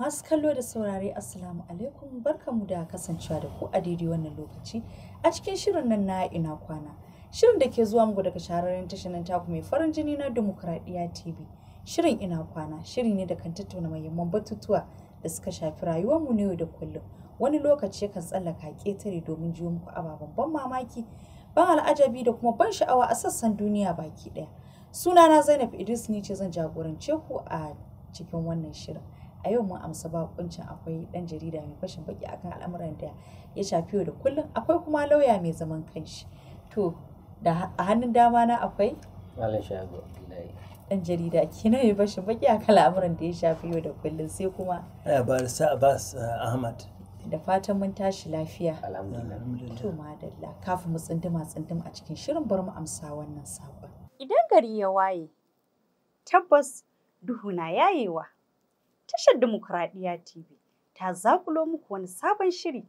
Masu kallo da saurare Assalamu alaikum barkamu da kasancewa da ku a daidai wannan lokaci a cikin shirin nan na ina kwana. Shirin da ke zuwa mu daga shahararren tashinan taku mai farin jini na Dimokuraɗiyya TV. Shirin ina kwana shiri ne da kan tattauna muhimman batutuwa da suka shafi rayuwarmu na yau da kullum. Wani lokaci yakan tsallaka ƙetare domin jiwo muku ababen ban mamaki, ban al'ajabi da kuma ban sha'awa a sassan duniya baki ɗaya. Sunana Zainab Idris ne ce zan jagorance ku a cikin wannan shirin. a yau mun amsa bakuncin akwai dan jarida mai fashin baki akan al'amuran da ya shafi yau da kullum akwai kuma lauya mai zaman kanshi to da a hannun dama na akwai dan jarida kenan mai fashin baki akan al'amuran da ya shafi yau da kullum sai kuma barisa eh, abbas eh, ahmad da fatan mun tashi lafiya to madalla kafin mu tsinduma tsinduma a cikin shirin bar mu amsa wannan saƙon. idan gari ya waye tabbas duhu na yayewa tashar Dimokuraɗiyya TV ta zakulo muku wani sabon shiri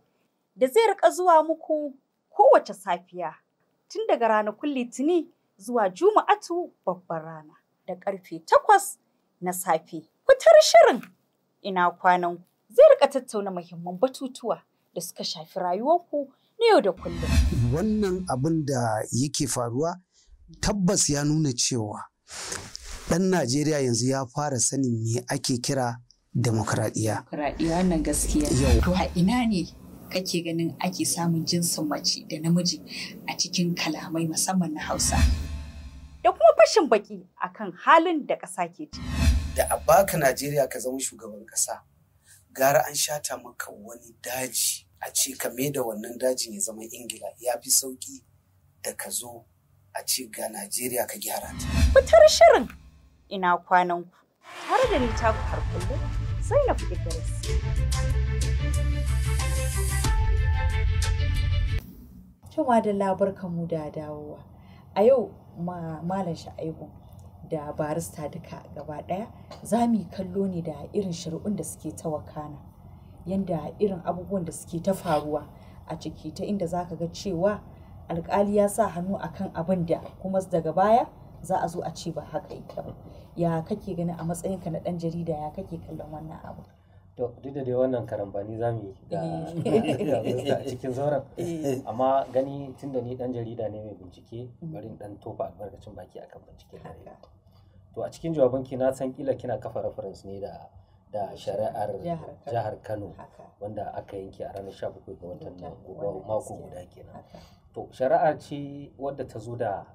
da zai rika zuwa muku kowace safiya tun daga ranakun Litini zuwa Juma'atu babbar rana da ƙarfe takwas na safe. kutar shirin ina kwanan zai rika tattauna muhimman batutuwa da suka shafi rayuwarku na yau da kullum. Wannan abin da yake faruwa tabbas ya nuna cewa ɗan Najeriya yanzu ya fara sanin me ake kira demokradiyya. Demokradiyya wannan gaskiya. To a ina ne kake ganin ake samun jinsin mace da namiji a cikin kalamai musamman na Hausa. Da kuma fashin baki kan halin da ƙasa ke ci. Da a baka Najeriya ka zama shugaban ƙasa, gara an shata maka wani daji a ce ka da wannan dajin ya zama Ingila ya fi sauƙi da ka zo a ce ga Najeriya ka gyara ta. Fitar shirin ina kwanan ku tare da ni har kullum. Zainab Idris. da labar da dawowa. A yau malam sha'aibu da barista duka gaba ɗaya za mu kallo ne da irin shari'un da suke ta wakana yanda irin abubuwan da suke ta faruwa a ciki ta inda za ka ga cewa alkali ya sa hannu akan abin da kuma daga baya za a zo a ce ba haka yake ba ya kake gani a matsayinka na dan jarida ya kake kallon wannan abu to duk da dai wannan karambani za mu yi ga eh. cikin sauran eh. amma gani tunda ni dan jarida ne mai bincike mm. bari in dan tofa albarkacin baki akan bincike da to a cikin ki na san kila kina kafa reference ne da da shari'ar jihar kano wanda aka yanke a ranar 17 ga watan nan mako guda kenan to shari'a ce wadda ta zo da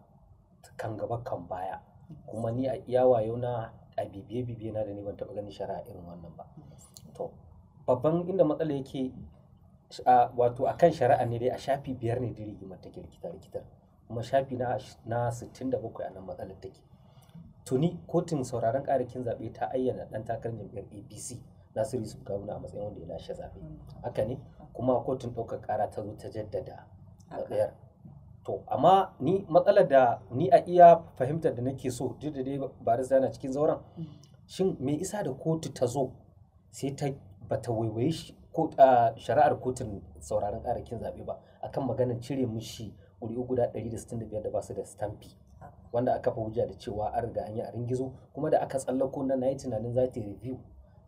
kan gaba kan baya kuma ni a iya wayo a bibiye bibiye na da ni ban taɓa ganin shari'a irin wannan ba to babban inda matsala yake wato a kan shari'a ne dai a shafi biyar ne da rigimar take rikita rikitar kuma shafi na 67 a nan matsalar take tuni kotun sauraron ƙarakin zaɓe ta ayyana ɗan takarar jam'iyyar apc nasiru yusuf gawuna a matsayin wanda ya lashe zaɓe haka ne kuma kotun ɗaukar ƙara ta zo ta jaddada matsayar to amma ni matsalar da ni a iya fahimtar da nake so duk da dai ba yana cikin zauren shin me isa da kotu ta zo sai ta bata waiwaye shari'ar kotun sauraron kin zaɓe ba akan maganar cire mishi ƙuri'u guda 165 da ba su da stamfi wanda aka fa hujja da cewa a riga an yi a ringizo kuma da aka tsallako na na yi tunanin za ta review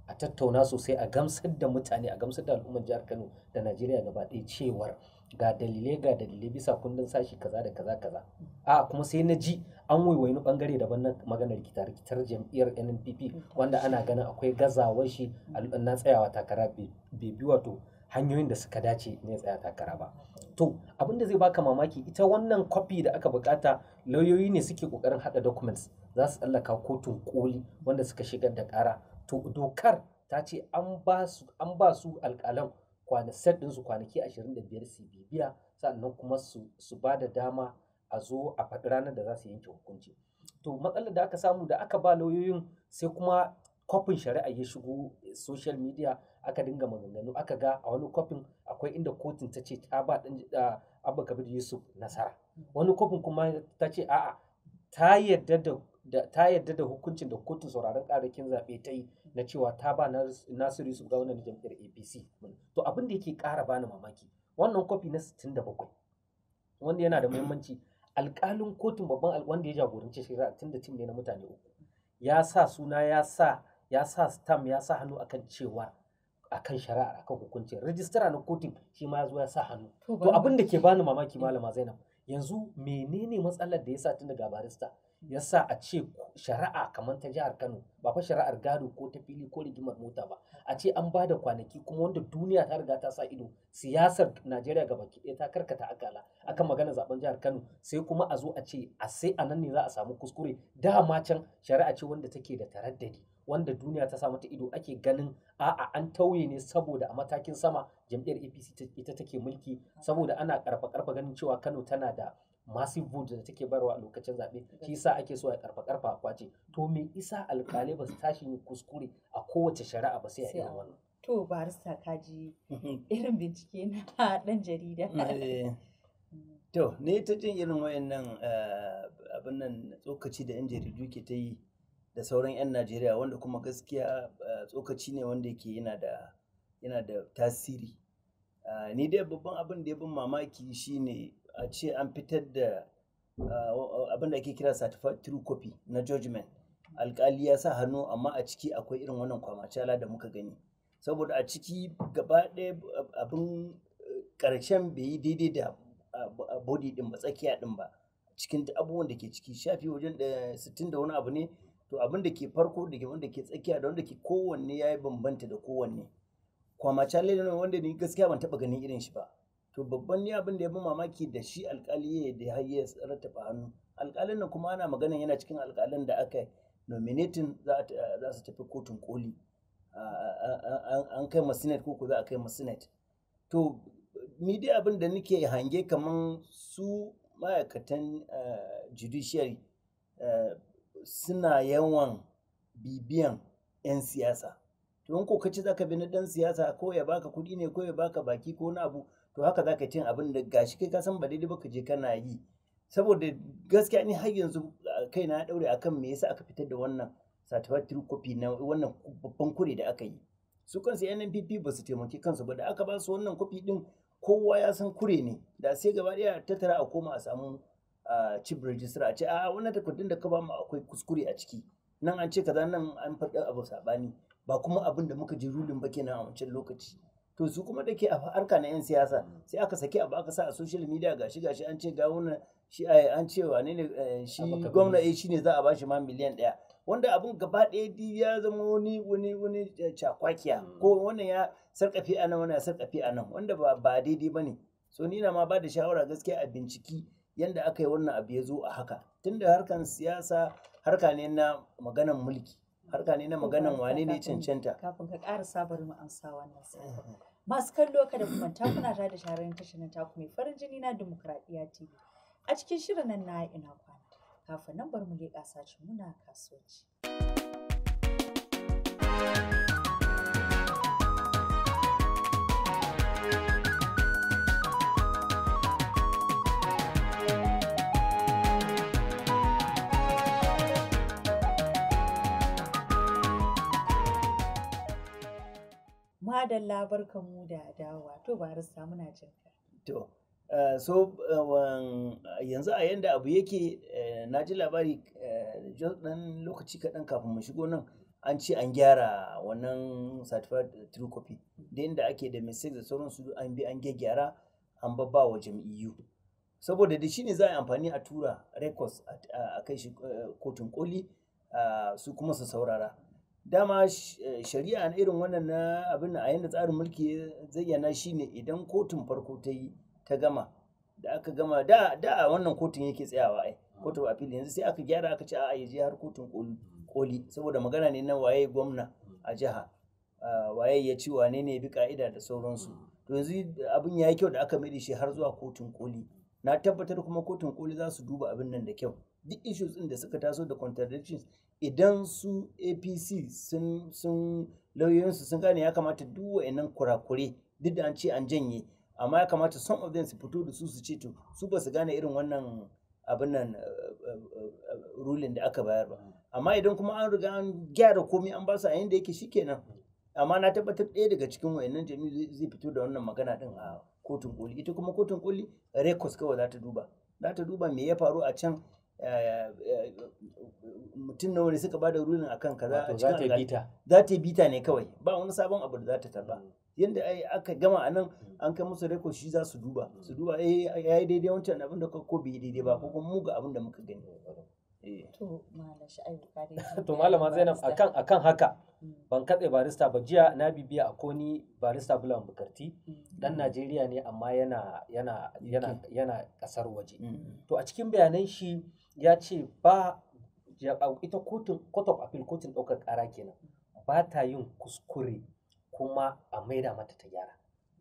a tattauna sosai a gamsar da mutane a gamsar da al'ummar jihar kano da najeriya gaba ɗaya cewar ga dalilai ga dalilai bisa kundin sashi kaza da kaza kaza a kuma sai na ji an waiwaini bangare daban na maganar rikita rikitar jam'iyyar NNPP wanda ana ganin akwai gazawar shi na tsayawa takara bai bi wato hanyoyin da suka dace ne tsaya takara ba to abin da zai baka mamaki ita wannan kwafi da aka bukata lauyoyi ne suke kokarin hada documents za su tsallaka kotun koli wanda suka shigar da kara to dokar ta ce an ba su alkalan kwana set ɗinsu kwanaki 25 su bibiya sannan kuma su ba da dama a zo a faɗi ranar da za su yanke hukunci to matsalar da aka samu da aka ba lauyoyin sai kuma kwafin shari'a ya shigo social media aka dinga maganganu aka ga a wani kwafin akwai inda kotun ta ce ta ba ɗan abba kabir yusuf nasara wani kwafin kuma ta ce a'a ta yarda da da ta yadda da hukuncin da kotun sauraron karakin zaɓe ta yi na cewa ta ba nasiru yusuf gawuna na jam'iyyar apc to abin da yake ƙara bani mamaki wannan kwafi na 67 wanda yana da muhimmanci alƙalin kotun babban wanda ya jagoranci shari'a tun da cin ne na mutane uku ya sa suna ya sa ya sa stam ya sa hannu akan cewa akan shari'a akan hukuncin Rijistara na kotun shi ma ya ya sa hannu to abin da ke bani mamaki malama zainab yanzu menene matsalar da ya sa tun daga barista yasa a ce shari'a kamar ta jihar Kano ba fa shari'ar gado ko ta fili ko rigimar mota ba a ce an ba da kwanaki kuma wanda duniya ta riga ta sa ido siyasar Najeriya ga baki ɗaya ta karkata akala akan magana zaben jihar Kano sai kuma a zo a ce a sai a nan ne za a samu kuskure dama can shari'a ce wanda take da taraddadi wanda duniya ta samu ta ido ake ganin a'a an tauye ne saboda a matakin sama jam'iyyar APC ita take mulki saboda ana karfa karfa ganin cewa Kano tana da massive vote da take barwa a lokacin zaɓe shi yasa ake so a karfa karfa kwace to me isa alƙalai ba su tashi yin kuskure a kowace shari'a ba sai a irin wannan to barista ji mhm. irin bincike na dan jarida eh. to ne ta jin irin wayannan eh, abin nan tsokaci da yan jaridu ke ta yi da sauran yan Najeriya wanda kuma gaskiya eh, tsokaci ne wanda yake yana da yana da tasiri ni dai babban abin da ya bin mamaki shine a ce an fitar da abin da ake kira certificate copy na judgment alkali ya sa hannu amma a ciki akwai irin wannan kwamacala da muka gani saboda a ciki gaba ɗaya abin ƙarshen bai yi daidai da body ɗin ba tsakiya ɗin ba cikin abubuwan da ke ciki shafi wajen da eh, sittin da wani abu ne to abin da ke farko da wanda ke tsakiya da wanda ke kowanne ya yi bambanta da kowanne kwamacala ne wanda ni gaskiya ban taɓa ganin irin shi ba to babban ni abin da ya fi mamaki da shi alkali da har ya rattafa hannu alkalin nan kuma ana magana yana cikin alkalin da aka nominating za su tafi kotun koli an kai ma senate ko za a kai ma senate to ni dai abin da nake hange kamar su ma'aikatan judiciary suna yawan bibiyan 'yan siyasa to in kokaci zaka bi na dan siyasa ko ya baka kuɗi ne ko ya baka baki ko na abu to haka za ka cin abin da gashi kai ka san ba daidai ba ka je kana yi saboda gaskiya ni har yanzu kai na daure akan me yasa aka fitar da wannan satisfactory copy na wannan babban kure da aka yi su kansu NNPP ba su taimaki kansu ba da aka ba su wannan copy din kowa ya san kure ne da sai gaba daya tattara a koma a samu chip register a ce a wannan takardun da ka ba mu akwai kuskure a ciki nan an ce kaza nan an faɗi abu sabani ba kuma abin da muka ji rulin ba kenan a wancan lokaci to su kuma da ke a harka na 'yan siyasa mm. sai aka saki abu aka sa a social media gashi gashi an ce gawunan shi eh, an ce wane ne eh, shi gwamna a ne eh, za a bashi ma miliyan ɗaya wanda abun gaba ɗaya ya zama wani wani wani cakwakiya mm. ko wannan ya sarkafi a nan wani ya sarkafi a nan wanda ba ba daidai ba so ni na ma ba da shawara gaskiya a binciki yanda aka yi wannan abu ya zo a haka tunda harkan siyasa harka ne na maganan mulki harka ne na maganan wane ne cancanta kafin ka ƙara sabar mu amsa wannan sabon masu kallo kada kuma ta da da tashar tashin taku mai farin jini na demokradiya tv a cikin shirin nan na ina kwana kafin nan bar mu leƙa mu muna kasuwanci. madalla mu da dawowa to barista muna jin To eh, so eh, yanzu a yanda abu yake eh, na ji labari dan lokaci kaɗan kafin mu shigo nan an ce an gyara wannan certified true copy da inda ake da mistake da su an bi an gyara an babba wa jam'iyyu saboda da shi ne za a yi amfani a tura records a kai shi kotun koli su kuma su saurara dama eh, shari'a na irin wannan na abin a yanda tsarin mulki ya zayyana shine idan kotun farko ta yi ta gama da aka gama da wannan kotun yake tsayawa ai kotun appeal yanzu sai aka gyara aka ce a ya har kotun koli saboda magana ne na waye gwamna a jiha ah, waye ya ci wane ne bi ka'ida da sauransu to yanzu abin ya yi kyau da aka maida shi har zuwa kotun koli na tabbatar kuma kotun koli za su duba abin nan da kyau duk issues ɗin da suka taso da contradictions idan su apc sun sun lauyoyinsu sun gane ya kamata duk wa'annan kurakure duk da an ce an janye amma ya kamata some of them su fito da su su ce to su ba su gane irin wannan abin nan eh, eh, eh, ruling da aka bayar ba amma idan kuma an riga an gyara komai an ba su a yanda yake shikenan amma na tabbatar ɗaya daga cikin wa'annan jami'u zai fito da wannan magana din a kotun koli ita kuma kotun koli records kawai za ta duba za ta duba me ya faru a can Eh, eh, mutum nawa ne suka bada rulin akan kaza a cikin bita za ta bita ne kawai ba wani sabon abu da za ta tarba mm. yadda aka gama a nan mm. an kai musu rekod shi za su duba mm. su duba eh, ya yi daidai wancan abin da ko bai yi daidai ba ko kuma muga abin da muka gani to malama zainab akan akan haka ban katse barista ba jiya na bibiya a koni barista bulan bukarti dan Najeriya ne amma yana yana yana yana kasar waje to a cikin bayanan shi ya ce ba ita kotun court of appeal kotun ɗaukar kara kenan ba ta yin kuskure kuma a maida mata ta gyara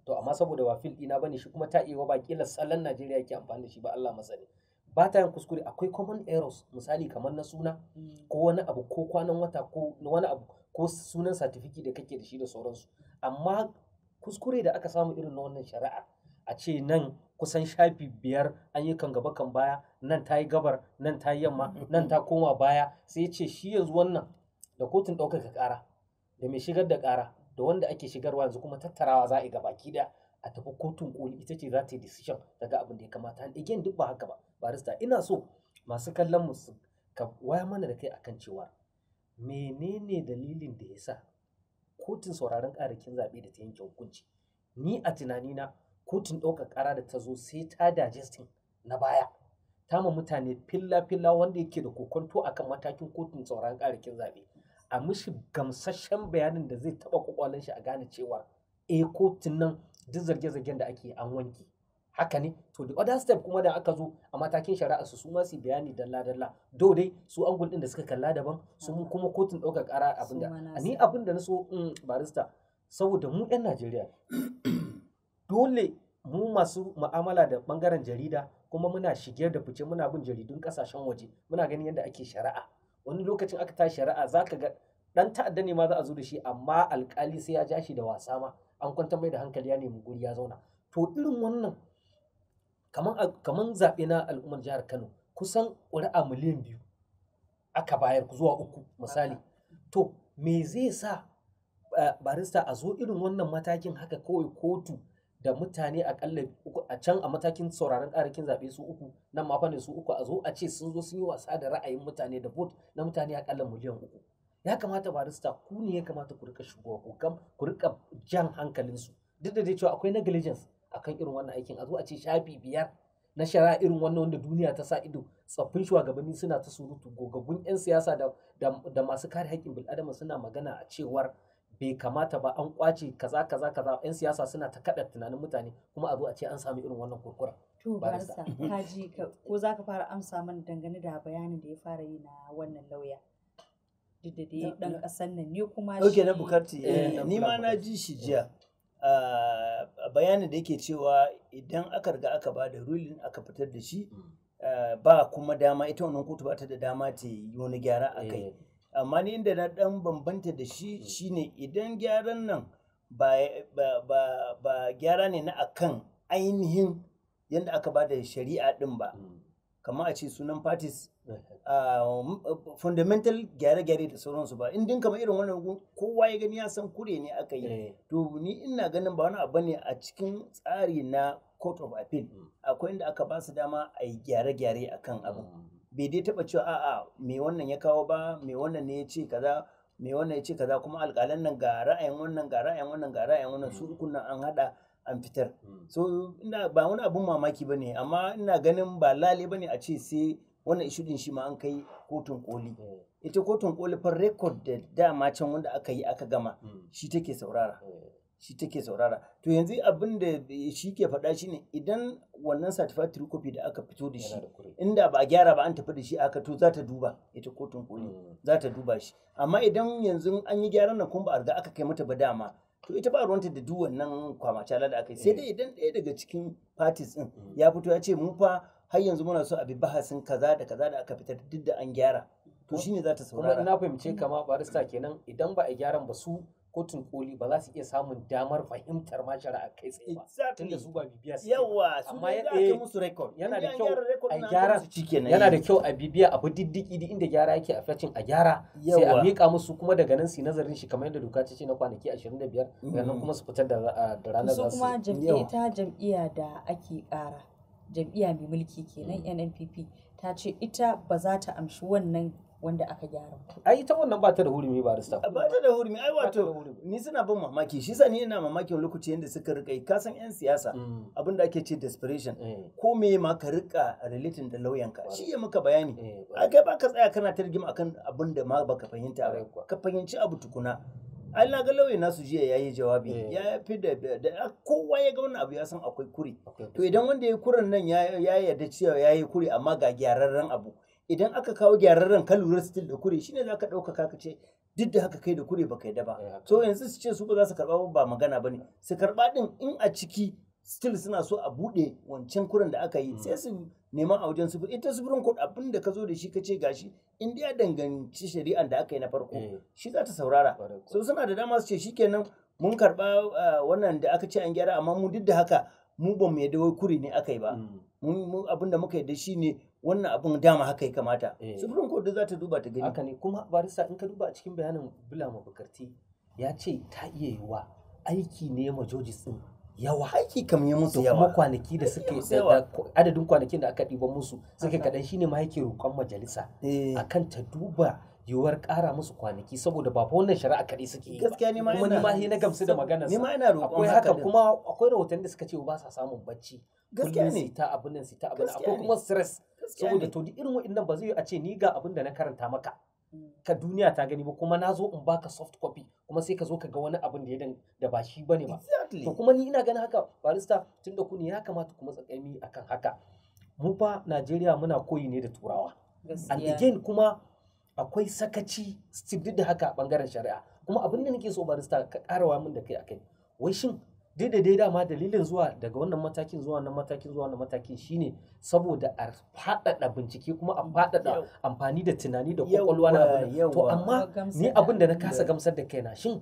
to amma saboda ba fil ɗina bane shi kuma ta iya ba kila salon Najeriya yake amfani da shi ba Allah masani ba ta yin kuskure akwai common errors misali kamar na suna mm. ko wani abu ko kwanan wata ko wani abu ko sunan satifiki da kake da shi da sauransu amma kuskure da aka samu irin na wannan shari'a a ce nan kusan shafi biyar an yi kan gaba kan baya nan ta yi gabar nan ta yi yamma nan ta koma baya sai ce shi yanzu wannan da kotun ɗaukaka ƙara da mai shigar da ƙara da wanda ake shigarwa yanzu kuma tattarawa za a yi gabaki ɗaya a tafi kotun koli ita ce za ta yi decision daga abin da ya kamata an again duk ba haka ba barista ina so masu kallon mu ka waya mana da kai akan cewa menene dalilin da ya sa kotun sauraron ƙarakin zaɓe da ta yanke hukunci ni a tunanina kotun ɗaukar ƙara da ta zo sai ta digestin na baya ta ma mutane filla-filla wanda yake da kokonto akan matakin kotun sauraron ƙarakin zaɓe a mishi gamsashen bayanin da zai taɓa kwakwalen shi a gane cewa eh kotun nan duk zarge-zargen da ake an wanke haka ne to the other step kuma da aka zo a matakin shari'a su su ma bayani dalla dalla do su angul din da suka kalla daban su kuma kotun ɗaukar ƙara abinda ni abinda na so mm, barista saboda mu 'yan Najeriya dole mu masu mu'amala da bangaren jarida kuma muna shige da fice muna bin jaridun kasashen waje muna ganin yadda ake shari'a wani lokacin aka tashi shari'a zaka ga dan ta'adda ne ma za a zo da shi amma alkali sai ya ja shi da wasa ma an kwanta mai da hankali ya nemi guri ya zauna to irin wannan kaman zaɓe na al'ummar jihar Kano kusan ƙuri'a miliyan biyu aka bayar zuwa uku misali to me zai sa barista a zo irin wannan matakin haka kawai kotu da mutane akalla a can a matakin sauraron karakin zaɓe su uku nan ma fa su uku a zo a ce sun zo sun yi wasa da ra'ayin mutane da vote na mutane akalla miliyan uku ya kamata barista ku ne ya kamata ku rika shigo ku ku rika jan hankalinsu duk da dai cewa akwai negligence akan irin wannan aikin a zo a ce shafi biyar na shari'a irin wannan wanda duniya ta sa ido tsaffin shugabanni suna ta surutu gogaggun 'yan siyasa da, masu kare haƙƙin bil'adama suna magana a cewar bai kamata ba an kwace kaza kaza kaza 'yan siyasa suna ta kaɗa tunanin mutane kuma a zo a ce an sami irin wannan kurkura. To barista kaji ko za ka fara amsa mana dangane da bayanin da ya fara yi na wannan lauya. Duk da dai ɗan ƙasar nan ne kuma shi. Ok na bukarti eh, eh, ni ma na ji shi jiya. bayanin da yake cewa idan aka riga aka ba da rulin aka fitar da shi mm. ba kuma dama ita wannan kotu ba ta da dama ta yi wani gyara a kai eh. amma ni inda na dan bambanta da shi mm. shine idan gyaran nan ba gyara ne na akan ainihin yadda aka ba da shari'a din ba mm. kamar a ce sunan parties Um, uh, fundamental gyare-gyare da sauransu ba in dinka kamar irin wannan kowa ya gani ya san kure ne aka yi eh. to ni ina ganin ba wani abu ne a cikin tsari na court of appeal mm. akwai inda aka ba su dama a yi gyare-gyare a kan abu mm. bai dai taba cewa a'a me wannan ya kawo ba me wannan ne ya ce kaza me wannan ya ce kaza kuma alƙalan nan ga ra'ayin wannan ga ra'ayin wannan ga ra'ayin wannan su mm. ukun nan an hada an fitar so ina ba wani abun mamaki bane amma ina ganin ba lale bane a ce sai wannan ishudin shi ma an kai kotun koli eh. ita kotun koli fa rekod da dama can wanda aka yi aka gama hmm. shi take saurara eh. shi take saurara to yanzu abin da shi ke faɗa shi ne idan wannan certificate copy da aka fito da shi inda ba a gyara ba an tafi da shi aka to za ta duba ita kotun koli hmm. za ta duba shi amma idan yanzu an yi gyaran nan kun ba a aka kai mata ba dama to ita ba ruwanta da duk wannan kwamacala da aka yi sai eh. dai idan ɗaya daga cikin parties ɗin hmm. ya fito ya ce mu fa har yanzu muna so a bi bahasin kaza da kaza da aka fitar duk da an gyara to shine za ta saurara kuma na fahimce kama barista kenan idan ba a gyaran ba su kotun koli ba za su iya samun damar fahimtar ma shari'a kai tsaye ba tun da su ba bibiya su yawa su amma ya eh, aka musu record yana da kyau a gyara su na yana da kyau a bibiya abu diddiki duk inda gyara yake a facin a gyara sai a mika musu kuma daga nan su nazarin shi kamar yadda doka ta ce na kwanaki 25 daga nan mm. kuma su fitar da ah, ranar za su kuma jam'iyya ta jam'iyya da ake kara jam'iyya mai mulki kenan mm. NNPP ta ce ita ba za ta amshi wannan wanda aka gyara. ita wannan ba ta da hurumi ba Rista. Ba ta da hurumi ai wato ni suna bin mamaki shi ni ina mamakin lokaci yadda suka rika yi kasan yan siyasa mm. abinda ake ce desperation eh. ko me ma ka rika relating da lauyan ka shi ya muka bayani. Eh, A kai ba ka tsaya kana ta akan abinda ma ma baka fahimta ka fahimci abu tukuna. ai na ga lauye nasu jiya ya yi jawabi eh. ya fi da kowa ya ga wannan abu ya san akwai kuri to idan wanda ya yi kurin nan ya yarda cewa ya yi kuri amma ga gyararren abu idan aka kawo gyararren ka lura still da kure shine za ka ɗaukaka ka ce duk da haka kai da kure baka kai da ba eh, to yanzu su ce su ba za su karɓa ba magana ba ne su karɓa ɗin in a ciki still suna so a buɗe wancan kuren da aka yi hmm. sai su nema a wajen sufuri ita sufurin court abin da ka zo da shi ka ce gashi in ya danganci shari'an da aka yi na farko hmm. shi za ta saurara so suna da dama su ce shikenan mun karba wannan da aka ce an gyara amma mu duk da haka mu ba mu yadda kuri ne aka yi ba hmm. mu abin da muka yadda shi ne wannan abin dama haka ya kamata eh. sufurin court za ta duba ta gani haka ne kuma barista in ka duba a cikin bayanin bulama bukarti ya ce ta iya yiwa aiki ne ma din yawa aiki kam ya musu yawa kuma kwanaki da suke adadin kwanakin da aka ɗiban musu suke kaɗan shine ma yake roƙon majalisa eh. kan ta duba yiwuwar ƙara musu kwanaki saboda ba wannan shari'a kaɗai suke yi gaskiya ne ma kuma ne na gamsu da magana ni ma ina roƙon akwai haka kuma akwai rahoton da suka ce ba sa samun bacci gaskiya ne ta abin nan ta abin akwai kuma stress saboda to duk irin waɗannan ba zai yi a ce ni ga abin da na karanta maka mm. ka duniya ta gani ba kuma na zo in baka soft copy kuma sai ka zo ka ga wani abin da ya da ba shi bane ba to kuma ni ina ganin haka barista tun da kuni ya kamata kuma tsakami akan haka mu fa Najeriya muna koyi ne da turawa and again kuma akwai sakaci duk da haka a bangaren shari'a kuma abin da nake so barista ka karawa min da kai akai wai shin Daidai da dai dama dalilin zuwa daga wannan matakin zuwa wannan matakin zuwa wannan matakin shine saboda a faɗaɗa bincike kuma a faɗaɗa amfani da tunani da kwakwalwa na abin to amma ni abin da na kasa gamsar da kaina shin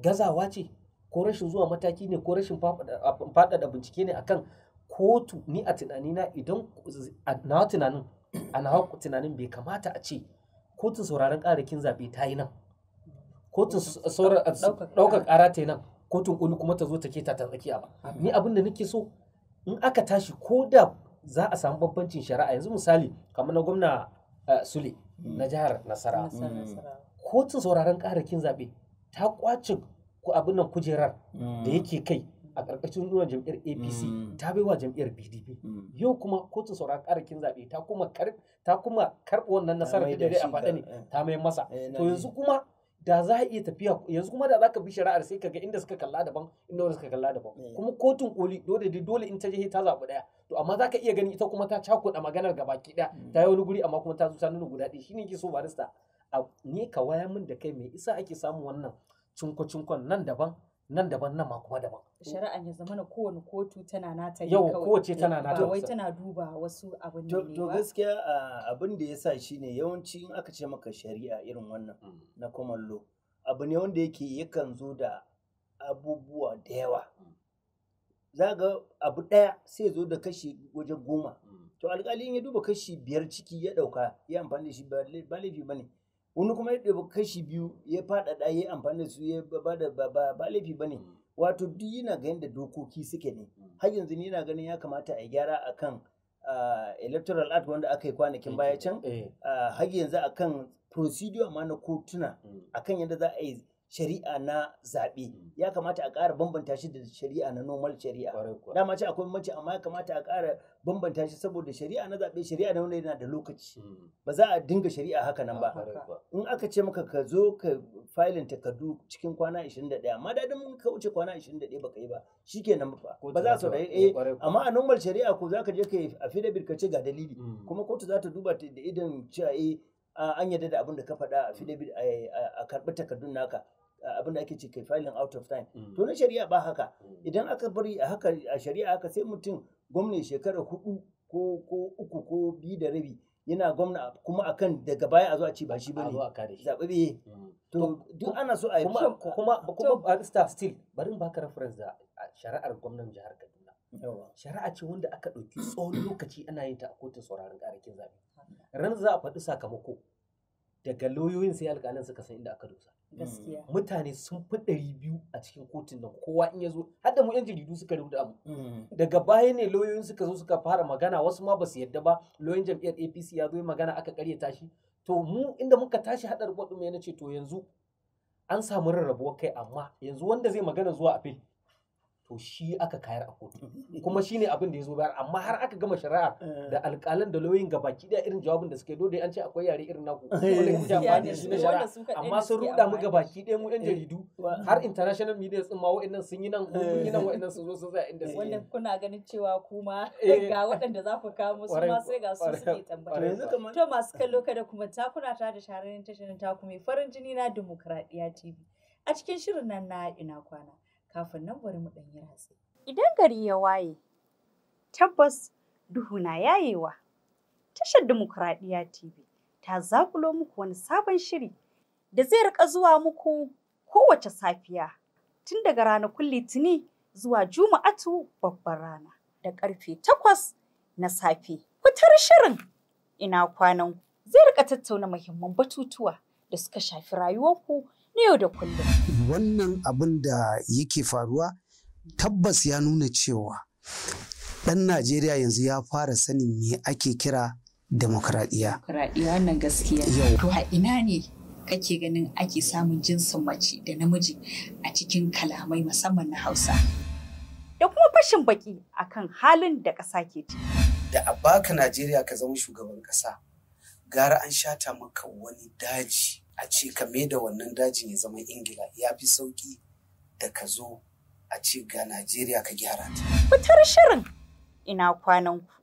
gazawa ce ko rashin zuwa mataki ne ko rashin faɗaɗa bincike ne akan kotu ni a na idan na tunanin a nawa tunanin bai kamata a ce kotun sauraron ƙarakin zaɓe ta yi nan kotun ɗaukar ƙara ta yi nan kotun koli kuma ta zo ta keta ta tsakiya ba ni abin da nake so in aka tashi ko da za a samu bambancin shari'a yanzu misali kamar na gwamna eh, sule hmm. na jihar nasara hmm. kotun sauraron karakin zaɓe ta kwace ku abin nan kujerar hmm. da yake kai a ƙarƙashin nuna jam'iyyar apc ta baiwa jam'iyyar pdp yau kuma kotun sauraron karakin zaɓe ta kuma karɓi wannan nasarar da dai a faɗa ne eh. ta mai masa eh, to yanzu kuma da za a iya tafiya yanzu kuma da za ka bi shari'ar sai ka ga inda suka kalla daban inda wanda suka kalla daban eh. kuma kotun koli dole dole in ta je ta zaɓi ɗaya to amma za ka iya gani ita kuma ta cakuɗa maganar gabaki ɗaya mm. ta yi wani guri amma kuma ta zo ta nuna guda ɗaya shine ke so barista ni ka waya min da kai me isa ake samun wannan cunko cunkon nan daban nan daban nan ma kuma daban shari'an ya zama na kowane kotu tana nata yi yau kowace tana nata wai tana duba wasu abin ne ba to gaskiya abin da shi ne yawanci in aka ce maka shari'a irin wannan mm. na common law abu ne wanda yake yakan zo da abubuwa da yawa mm. za ga abu ɗaya sai zo da kashi wajen goma mm. to alƙali ya duba kashi biyar ciki ya ɗauka ya amfani da shi ba laifi ba ne wani kuma ya ɗebi kashi biyu ya faɗaɗa ya yi amfani da su ya ba da ba laifi ba ne mm. wato duk yana ga yanda dokoki suke ne mm. har yanzu ni yana ganin ya kamata a yi gyara a kan electoral act wanda aka yi kwanakin baya eh, can eh. har yanzu a kan procedure ma na kotuna mm. kan yadda za a yi shari'a na zaɓe mm. ya kamata a ƙara bambanta shi da shari'a na normal shari'a dama ce akwai mace amma ya kamata a ƙara bambanta shi saboda shari'a na zaɓe shari'a na yana da lokaci mm. ba za a dinga shari'a haka nan ba ah, in aka ce maka ka zo ka filin takardu cikin kwana 21 amma dadin ka wuce kwana 21 baka yi ba shikenan ba ba za su da eh, eh amma a normal shari'a ko za ka je ka yi affidavit ka ce ga dalili mm. kuma kotu za ta duba da idan cewa eh an yarda da abin da ka faɗa a karɓi takardun naka abin da ake ce kai filing out of time mm. to na shari'a ba haka mm. idan aka bari a haka a shari'a aka sai mutum gwamna shekara hudu ko ko uku ko biyu da rabi yana gwamna kuma akan daga baya a zo a ce ba shi bane zaɓaɓe mm. to duk ana so a yi kuma kuma kuma barista still bari ba baka reference da shari'ar gwamnan jihar Kaduna shari'a ce wanda aka ɗauki tsawon lokaci ana yin ta a kotun sauraron ƙarakin zaɓe ran za a faɗi sakamako daga lauyoyin sai alƙalin suka san inda aka dosa Mm, mutane sun fi ɗari biyu a cikin kotun nan kowa in ya zo har mu yan jaridu suka rubuta abu mm. daga baya ne lauyoyin suka zo suka fara magana wasu ma ba su yadda ba lauyoyin jam'iyyar apc ya zo magana aka karyata shi to mu inda muka tashi haɗa report mai na ce to yanzu an samu rarrabuwar kai amma yanzu wanda zai magana zuwa apil to shi aka kayar a kotu mm-hmm. kuma shine abin da ya zo bayar amma har aka gama shari'a eh. da alƙalan da lauyoyin gabaki da irin jawabin da suke dole an ce akwai yare irin naku eh. da shi amma sun ruda mu gabaki daya mu yan eh. jaridu har international media sun ma wa'annan sun yi nan sun yi nan wa'annan sun zo sun tsaya inda suke wannan kuna ganin cewa kuma ga waɗanda za ku kawo su ma sai ga su suke tambaya to masu kallo kada kuma takuna ta da shahararren tashar ta mai farin jini na dimokuraɗiyya tv a cikin shirin nan na ina kwana kafin nan bari mu ɗan yi ratse. Idan gari ya waye, tabbas duhu na yayewa. Tashar Dimokuraɗiyya TV ta zakulo muku wani sabon shiri da zai rika zuwa muku kowace safiya tun daga ranakun Litini zuwa Juma'atu babbar rana da ƙarfe takwas na safe. kutar shirin ina kwanan zai rika tattauna muhimman batutuwa da suka shafi rayuwarku na yau da kullum. Wannan abin da yake faruwa tabbas ya nuna cewa ɗan Najeriya yanzu ya fara sanin me ake kira demokradiyya. Demokradiyya na gaskiya. To a ina ne kake ganin ake samun jinsin mace da namiji a cikin kalamai musamman na Hausa. Da kuma fashin baki akan halin da ƙasa ke ci. Da a baka Najeriya ka zama shugaban ƙasa, gara an shata maka wani daji a ce ka da wannan dajin ya zama ingila ya fi sauki da ka zo a ce ga najeriya ka gyara ta. fitar shirin ina kwanan ku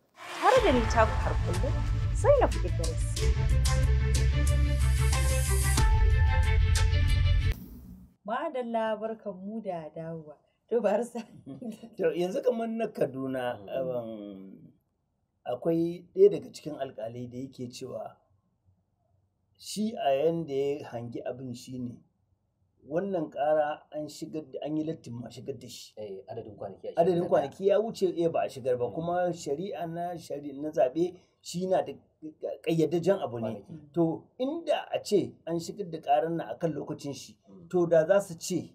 tare da ni har kullum sai idris madalla barkan mu da dawowa to ba yanzu kamar na kaduna mm-hmm. um, akwai ɗaya daga cikin alkalai da yake cewa shi a yanda ya hangi abin shi ne wannan ƙara an shigar da an yi lattin ma shigar da shi eh, adadin kwanaki ya wuce eh ba a shigar ba hmm. kuma shari'a na shari na zaɓe shi na da ƙayyadajen abu ne to inda a ce an shigar da ƙarar na akan lokacin shi hmm. to da za su ce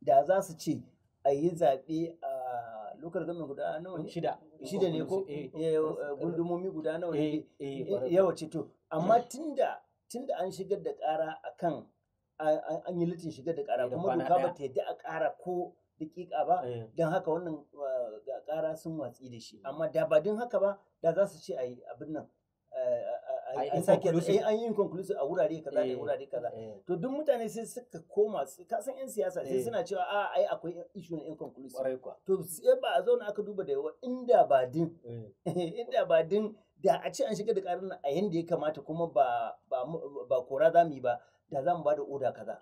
da za su ce a yi zaɓe a lokar gamin guda nawa shida shida ne ko eh. Eh, gundumomi guda nawa ne yawa to amma hmm. tunda tunda an shigar da ƙara akan an yi litin shigar da ƙara kuma doka ba ta yadda a ƙara ko dakika ba eh. don haka wannan eh, ƙara sun watsi da shi mm. amma da ba don haka ba da za su ce a yi abin nan eh, an sake an yi inconclusive a wurare kaza da wurare kaza to duk mutane sai suka koma ka san yan siyasa sai suna cewa a ai akwai issue na inconclusive to sai ba a zauna aka duba da yawa inda ba din inda ba din da a ce an shiga da ƙarar a yanda ya kamata kuma ba ba kora za mu yi ba da zan ba da oda kaza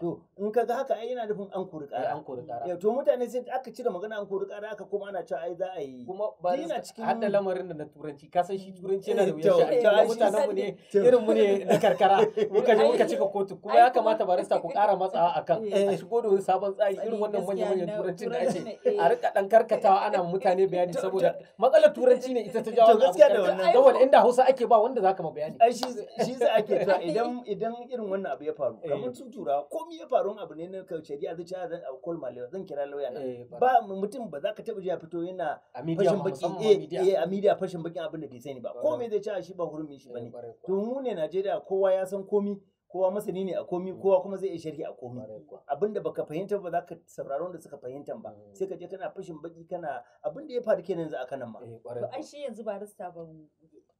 to in ka ga haka ai yana nufin an kori kara an kori kara to mutane sai aka cire magana an kori kara aka kuma ana cewa ai za a yi kuma ba yana cikin hadda lamarin da na turanci ka san shi turanci yana da wuya shi mutane mu ne irin mu ne na karkara muka je muka cika kotu kuma ya kamata barista ku kara matsawa akan eh. a shigo da wani sabon tsari irin wannan manyan manyan turancin da ake eh. a rika dan karkatawa ana mutane bayani saboda matsalar turanci ne ita ta jawo gaskiya da wannan saboda inda Hausa ake ba wanda zaka ma bayani ai shi shi ake to idan idan irin wannan abu ya faru kamar su eh. tura komi ya faru abu ne na shari'a zai cewa a call my lawyer zan kira lauya na eh, ba mutum ba za ka taba ya fito yana fashin baki eh, a media fashin bakin abin da bai sani ba komai zai a shi ba hurumin shi ne to mu ne Najeriya kowa ya san komi kowa masani ne a komi mm. kowa kuma zai iya sharhi a komi da baka fahimta ba za ka sauraron da suka fahimta ba mm. sai ka je kana fashin baki kana da ya faru kenan za a kanan ma to ai shi yanzu ba barista ba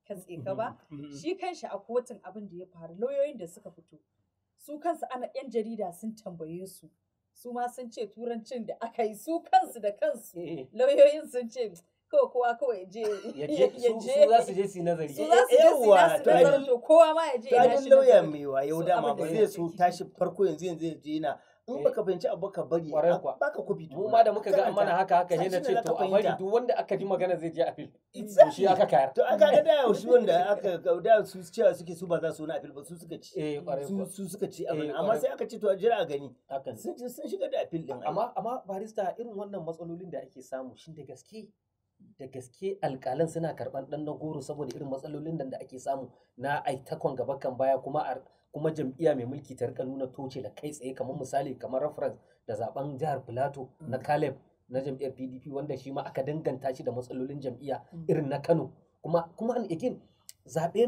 kan tseka ba shi kanshi a kotun abin da ya faru lauyoyin da suka fito su kansu ana yan jarida sun tambaye su su ma sun ce turancin da aka yi su kansu da kansu eh, eh. lauyoyin sun ce kawai kowa kawai je ya je su za su je su nazari su za su je su nazari to kowa ma ya je ya nazari lauya mai wayo dama ba zai so tashi farko yanzu yanzu ya yana in eh. baka fahimci abu ka bari baka kubi mu ma da muka ga mana haka haka ne na ce to a bari duk wanda aka ji magana zai je a fil to shi aka kayar to aka ga da shi wanda aka da su cewa suke su ba za su na fil ba su suka ci eh, su suka ci eh, amma sai aka ce to a jira a gani sun sun shiga da fil din amma amma barista irin wannan matsalolin da ake samu shin da gaske da gaske alƙalan suna karɓar ɗan na goro saboda irin matsalolin da ake samu na aitakon gaba kan baya kuma kuma jam'iyya mai mulki ta rika nuna toce da kai tsaye kamar misali kamar reference da zaben jihar Plateau na mm. Caleb na jam'iyyar PDP wanda shi ma aka danganta shi da matsalolin jam'iyya mm. irin na Kano kuma again zaɓe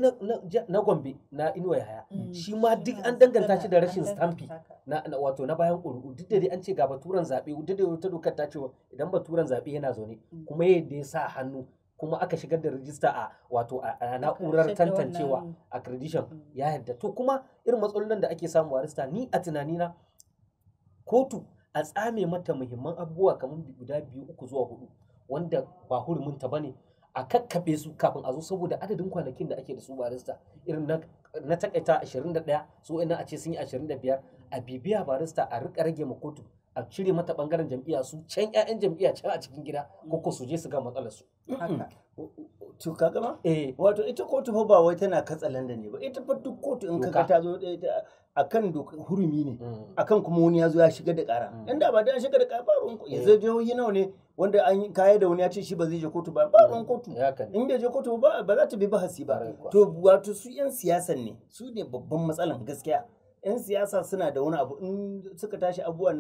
na Gombe na Inuwa Yahaya mm. shi ma duk an danganta shi da rashin stampi na wato na bayan ƙuri'u duk da dai an ce ga baturan zaɓe duk da wata dokar ta cewa idan baturan zaɓe yana zaune kuma yadda ya sa hannu kuma aka shigar da rijista a wato a na'urar tantancewa a credition mm. ya yadda to kuma irin matsalolin da ake samu a ni a tunanina kotu a tsame mata muhimman abubuwa kamar guda biyu uku zuwa hudu wanda ba hurumin ta bane a kakkafe su kafin a zo saboda adadin kwanakin da ake da su barista irin na takaita 21 su ina a ce sun yi 25 a bibiya barista a rika rage ma kotu a cire mata bangaren jam'iyya su can ƴaƴan jam'iyya can a cikin gida ko ko su je su ga matsalar su to ka gama eh wato ita kotu fa ba wai tana katsalanda ne ba ita fa duk kotu in ka ta zo akan hurumi ne mm. akan kuma wani ya zo ya shiga da kara dan mm. da ba dan shiga da kara ba ruwan kotu eh. yanzu jihohi nawa ne wanda an kaya da wani ya ce shi ba zai je kotu ba ba mm. ruwan kotu in bai je kotu ba ba za ta bi bahasi ba to wato su yan siyasan ne su ne babban matsalan gaskiya 'yan siyasa suna da wani abu in suka tashi abubuwa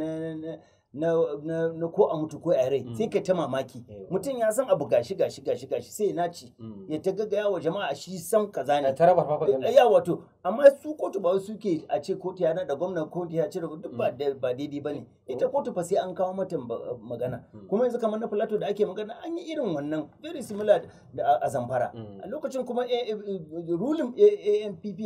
na ko a mutu ko a rai sai mm. ka ta mamaki mutum ya san abu gashi gashi gashi gashi sai na ci mm. ya ta gaggaya wa jama'a shi san kaza ne ta fafa ya wato amma su kotu ba su ke a ce kotu ya da gwamnan kotu ya ce duk ba mm. daidai ne oh. ita kotu fa sai an kawo mata magana kuma yanzu kamar na plato da ake magana an yi irin wannan very similar a zamfara a lokacin kuma rulin AMPP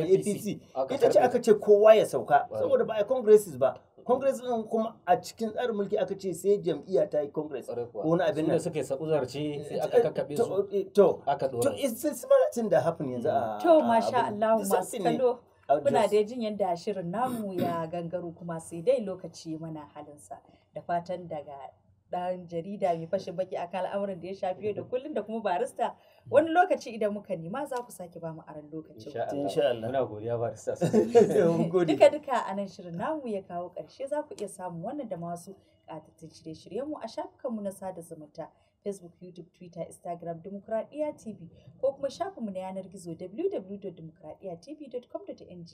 APC ita ce aka ce kowa ya sauka saboda ba a congresses ba congress din kuma a cikin tsarin mulki aka ce sai jam'iyya ta yi congress ko wani abin nan suke sa'uzarci sai aka eh, kakkabe su eh, to aka dora to it's similar thing that happen yanzu a to masha Allah masu kallo kuna da jin yadda shirin namu ya gangaro kuma sai dai lokaci mana sa da fatan daga dan jarida mai fashin baki akan al'amuran da ya shafi yau da kullum da kuma barista wani lokaci idan muka nema za ku sake ba mu aran lokacin insha Allah muna godiya barista duka duka a nan shirin namu ya kawo ƙarshe za ku iya samun wannan da masu ƙatattun shirye-shiryen mu a shafukan mu na sada zumunta Facebook, YouTube, Twitter, Instagram, Dimokuraɗiyya TV ko kuma shafin mu na yanar gizo www.dimokuraɗiyyatv.com.ng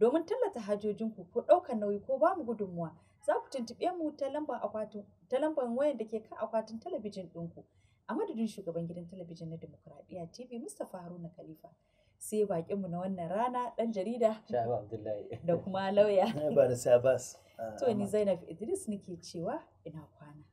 domin tallata hajojinku ko ɗaukar nauyi ko ba mu gudunmuwa za ku tuntuɓe mu ta lambar akwatin ta lambar wayar da ke kan akwatin talabijin ɗinku a madadin shugaban gidan talabijin na demokuraɗiyya tv mustapha haruna khalifa sai mu na wannan rana ɗan jarida da kuma lauya to ni ah, zainab idris nake cewa ina kwana